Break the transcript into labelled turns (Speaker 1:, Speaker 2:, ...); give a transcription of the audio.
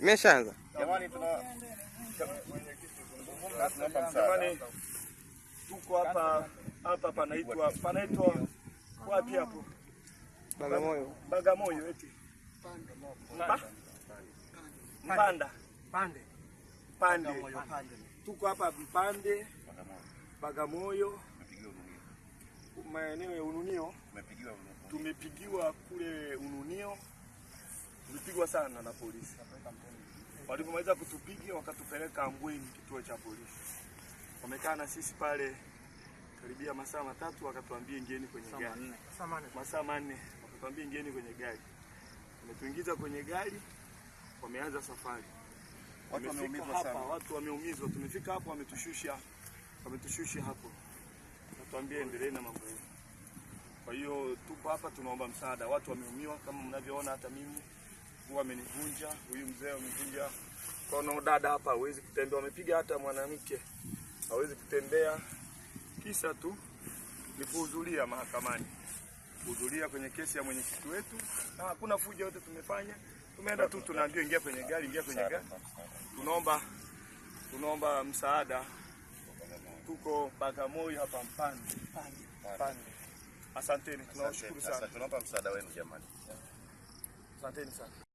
Speaker 1: Imeshaanza. Jamani tuna
Speaker 2: tuko hapa hapa panaitwa panaitwa wapi hapo? Bagamoyo. Bagamoyo eti. Mpanda. Pande. Pande. Tuko hapa Mpande. Bagamoyo. Maeneo ya Ununio. Umepigiwa Ununio nimepigiwa kule Ununio, nilipigwa sana na polisi. Walipomaliza kutupiga wakatupeleka Ambweni, kituo cha polisi. Wamekaa na sisi pale karibia masaa matatu, wakatuambia ingieni kwenye gari, masaa manne, wakatuambia ingieni kwenye gari. Wametuingiza kwenye gari, wameanza safari. Watu wameumizwa watu wameumizwa. Tumefika hapo, wametushusha, wametushusha hapo, watuambie endelee na mambo yenu. Kwa hiyo tupo hapa, tunaomba msaada, watu wameumiwa kama mnavyoona, hata mimi huwa amenivunja huyu mzee, amevunja kono. Dada hapa hawezi kutembea, wamepiga hata mwanamke hawezi kutembea, kisa tu ni kuhudhuria mahakamani, kuhudhuria kwenye kesi ya mwenyekiti wetu, na hakuna fujo yote tumefanya, tumeenda tu tunaambia ingia kwenye gari, ingia kwenye gari. Tunaomba tunaomba msaada, tuko Bagamoyo hapa Mpande Mpande. Asanteni, tunawashukuru sana.
Speaker 1: Tunaomba msaada wenu jamani.
Speaker 2: Asanteni sana.